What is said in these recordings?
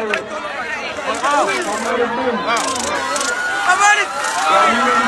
I'm I'm ready.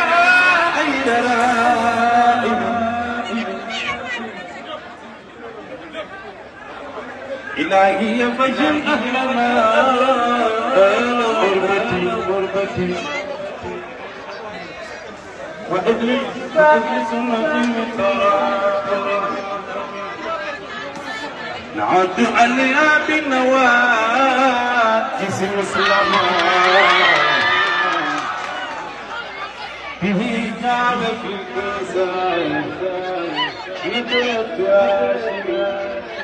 إلهي فجر أهل ما أنا غربتي غربتي وإبليس إبليس من نعد عليها بالنواجس مسلمات به كعب في الكسائي نتلت يا شباب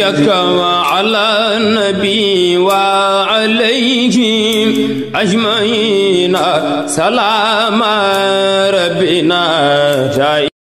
بيتك وعلى النبي وعليه أجمعين سلام ربنا جاي